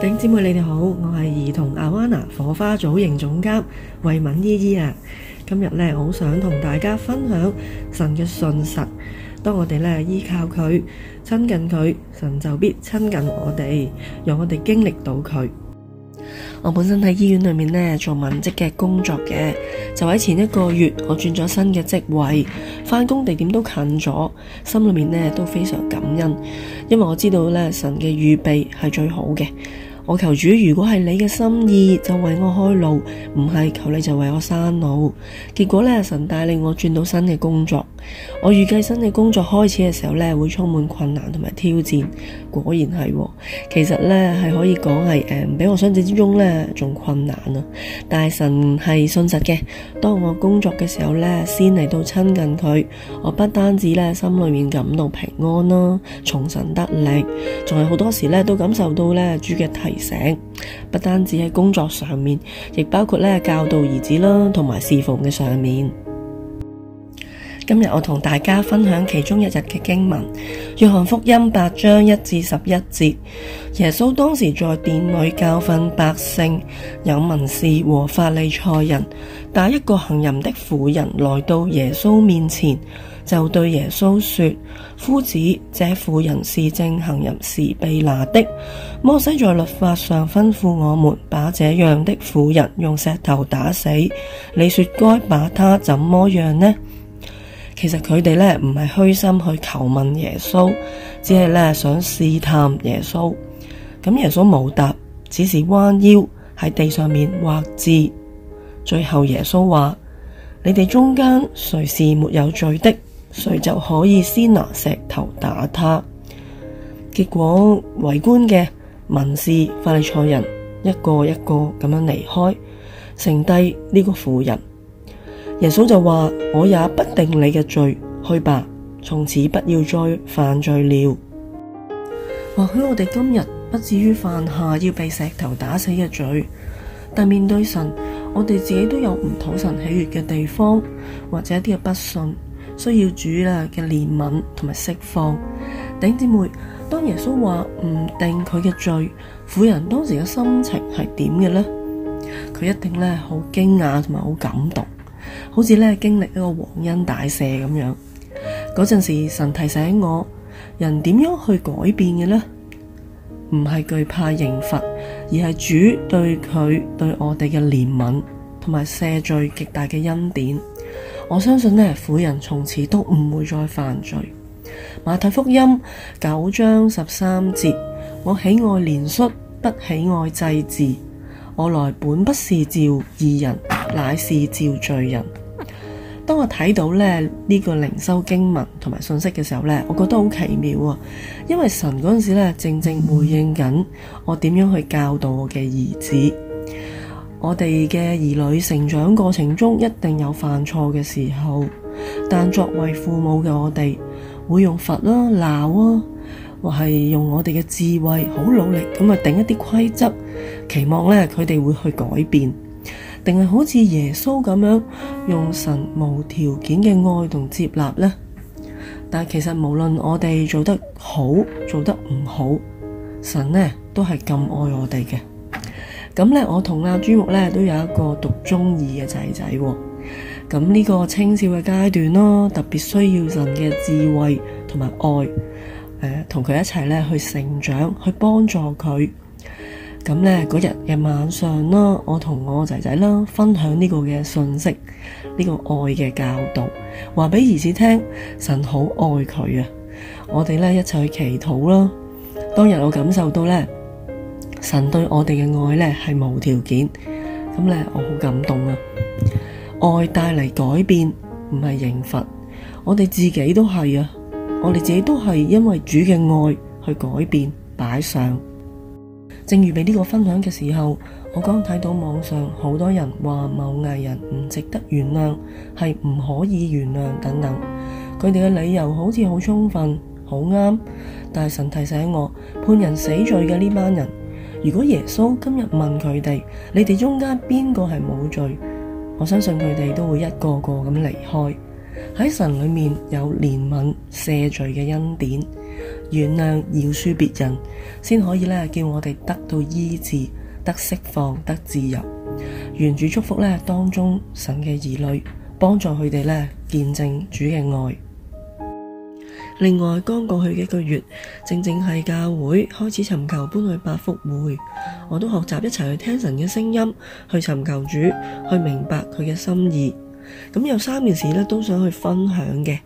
頂姐妹你哋好，我係兒童 Awana 火花組型總監慧敏姨姨啊，今日呢，好想同大家分享神嘅信實，當我哋呢依靠佢親近佢，神就必親近我哋，讓我哋經歷到佢。我本身喺醫院裏面呢做文職嘅工作嘅，就喺前一個月我轉咗新嘅職位，返工地點都近咗，心裏面呢都非常感恩，因為我知道呢神嘅預備係最好嘅。我求主，如果係你嘅心意，就為我開路；唔係求你，就為我生路。結果咧，神帶領我轉到新嘅工作。我預計新嘅工作開始嘅時候咧，會充滿困難同埋挑戰。果然係、哦，其實咧係可以講係，誒唔俾我想像之中咧仲困難啊。但係神係信實嘅，當我工作嘅時候咧，先嚟到親近佢。我不單止咧心裏面感到平安啦，從神得力，仲係好多時咧都感受到咧主嘅體醒，不單止喺工作上面，亦包括呢教導兒子啦，同埋侍奉嘅上面。今日我同大家分享其中一日嘅經文《約翰福音》八章一至十一節。耶穌當時在殿裏教訓百姓，有文士和法利賽人。打一個行淫的婦人來到耶穌面前，就對耶穌說：夫子，這婦人是正行淫時被拿的。摩西在律法上吩咐我們把這樣的婦人用石頭打死。你說該把她怎麼樣呢？其實佢哋咧唔係虛心去求問耶穌，只係咧想試探耶穌。咁耶穌冇答，只是彎腰喺地上面畫字。最後耶穌話：你哋中間誰是沒有罪的，誰就可以先拿石頭打他。結果圍觀嘅文士、法利賽人一個一個咁樣離開，剩低呢個婦人。耶穌就話：我也不定你嘅罪，去吧，從此不要再犯罪了。或許我哋今日不至於犯下要被石頭打死嘅罪，但面對神，我哋自己都有唔討神喜悦嘅地方，或者一啲嘅不信，需要主啊嘅憐憫同埋釋放。弟兄姊妹，當耶穌話唔定佢嘅罪，婦人當時嘅心情係點嘅呢？佢一定咧好驚訝同埋好感動。好似咧經歷一個皇恩大赦咁樣，嗰陣時神提醒我，人點樣去改變嘅呢？唔係懼怕刑罰，而係主對佢對我哋嘅憐憫，同埋赦罪極大嘅恩典。我相信咧，婦人從此都唔會再犯罪。馬太福音九章十三節：「我喜愛憐恤，不喜愛祭祀。」我來本不是召義人，乃是召罪人。當我睇到咧呢、這個靈修經文同埋信息嘅時候咧，我覺得好奇妙啊！因為神嗰陣時咧，正正回應緊我點樣去教導我嘅兒子。我哋嘅兒女成長過程中一定有犯錯嘅時候，但作為父母嘅我哋會用罰啦、啊、鬧啊，或係用我哋嘅智慧好努力咁去定一啲規則，期望咧佢哋會去改變。定係好似耶穌咁樣用神無條件嘅愛同接納呢？但係其實無論我哋做得好，做得唔好，神呢都係咁愛我哋嘅。咁咧，我同阿朱木咧都有一個讀中二嘅仔仔，咁、哦、呢、嗯，這個青少年嘅階段咯，特別需要神嘅智慧同埋愛，誒、呃，同佢一齊咧去成長，去幫助佢。咁呢，嗰日嘅晚上啦，我同我仔仔啦分享呢個嘅信息，呢個愛嘅教導，話俾兒子聽，神好愛佢啊！我哋咧一齊去祈禱啦。當日我感受到咧，神對我哋嘅愛咧係無條件，咁咧我好感動啊！愛帶嚟改變，唔係刑罰。我哋自己都係啊，我哋自己都係因為主嘅愛去改變，擺上。正如俾呢個分享嘅時候，我剛睇到網上好多人話某藝人唔值得原諒，係唔可以原諒等等。佢哋嘅理由好似好充分，好啱。但係神提醒我，判人死罪嘅呢班人，如果耶穌今日問佢哋，你哋中間邊個係冇罪？我相信佢哋都會一個個咁離開。喺神裏面有憐憫、赦罪嘅恩典。原諒饒恕別人，先可以咧叫我哋得到醫治、得釋放、得自由。願主祝福咧當中神嘅兒女，幫助佢哋咧見證主嘅愛。另外，剛過去幾個月，正正係教會開始尋求搬去百福會，我都學習一齊去聽神嘅聲音，去尋求主，去明白佢嘅心意。咁有三件事咧，都想去分享嘅。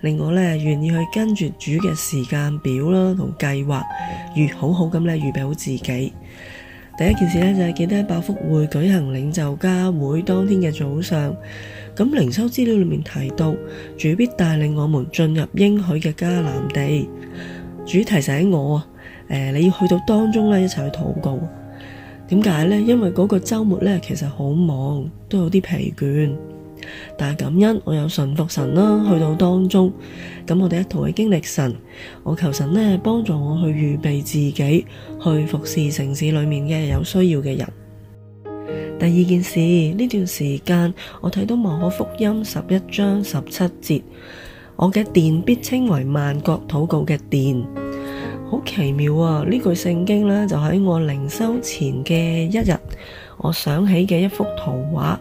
令我咧，願意去跟住主嘅時間表啦，同計劃如好好咁咧，預備好自己。第一件事咧就係、是、記得喺百福會舉行領袖家會當天嘅早上。咁靈修資料裏面提到，主必帶領我們進入應許嘅迦南地。主提醒我誒、呃，你要去到當中咧一齊去禱告。點解呢？因為嗰個周末咧其實好忙，都有啲疲倦。但係感恩，我有順服神啦，去到當中，咁我哋一同去經歷神。我求神呢幫助我去預備自己，去服侍城市裏面嘅有需要嘅人。第二件事，呢段時間我睇到《馬可福音》十一章十七節，我嘅殿必稱為萬國禱告嘅殿。好奇妙啊！呢句聖經呢，就喺我靈修前嘅一日，我想起嘅一幅圖畫。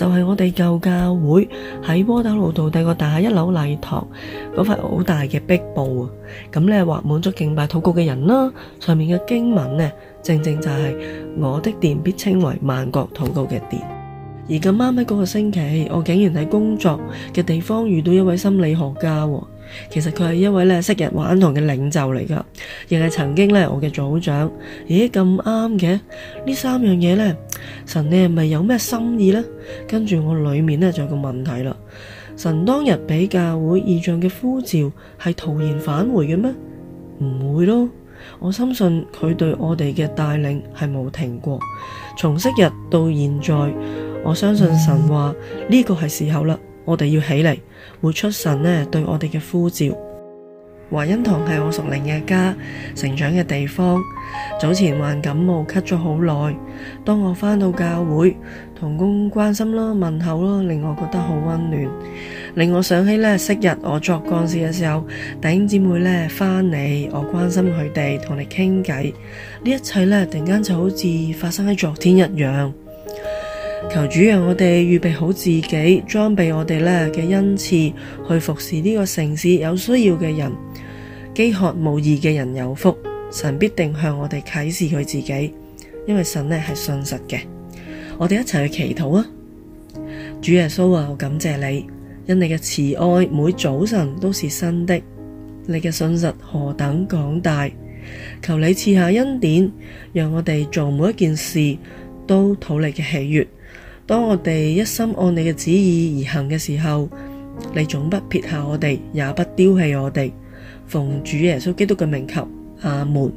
就係我哋舊教會喺窩打老道帝國大廈一樓禮堂嗰塊好大嘅壁布啊，咁咧畫滿咗敬拜禱告嘅人啦，上面嘅經文咧正正就係我的殿必稱為萬國禱告嘅殿。而咁啱喺嗰個星期，我竟然喺工作嘅地方遇到一位心理學家。其實佢係一位咧昔日玩堂嘅領袖嚟噶亦係曾經咧我嘅組長。咦，咁啱嘅呢三樣嘢咧，神你係咪有咩心意咧？跟住我裏面咧就有個問題啦。神當日俾教會異象嘅呼召係徒然返回嘅咩？唔會咯，我深信佢對我哋嘅帶領係冇停過，從昔日到現在，我相信神話呢、這個係時候啦。我哋要起嚟，活出神咧對我哋嘅呼召。華欣堂係我屬靈嘅家，成長嘅地方。早前患感冒，咳咗好耐。當我返到教會，同工關心咯，問候咯，令我覺得好溫暖，令我想起呢，昔日我作幹事嘅時候，弟兄姊妹呢返嚟，我關心佢哋，同你傾偈，呢一切呢，突然間就好似發生喺昨天一樣。求主讓我哋預備好自己，裝備我哋呢嘅恩賜，去服侍呢個城市有需要嘅人，飢渴無義嘅人有福。神必定向我哋啟示佢自己，因為神呢係信實嘅。我哋一齊去祈禱啊！主耶穌啊，我感謝你，因你嘅慈愛每早晨都是新的，你嘅信實何等廣大！求你賜下恩典，讓我哋做每一件事都討你嘅喜悅。當我哋一心按你嘅旨意而行嘅時候，你總不撇下我哋，也不丟棄我哋。奉主耶穌基督嘅名求，阿門。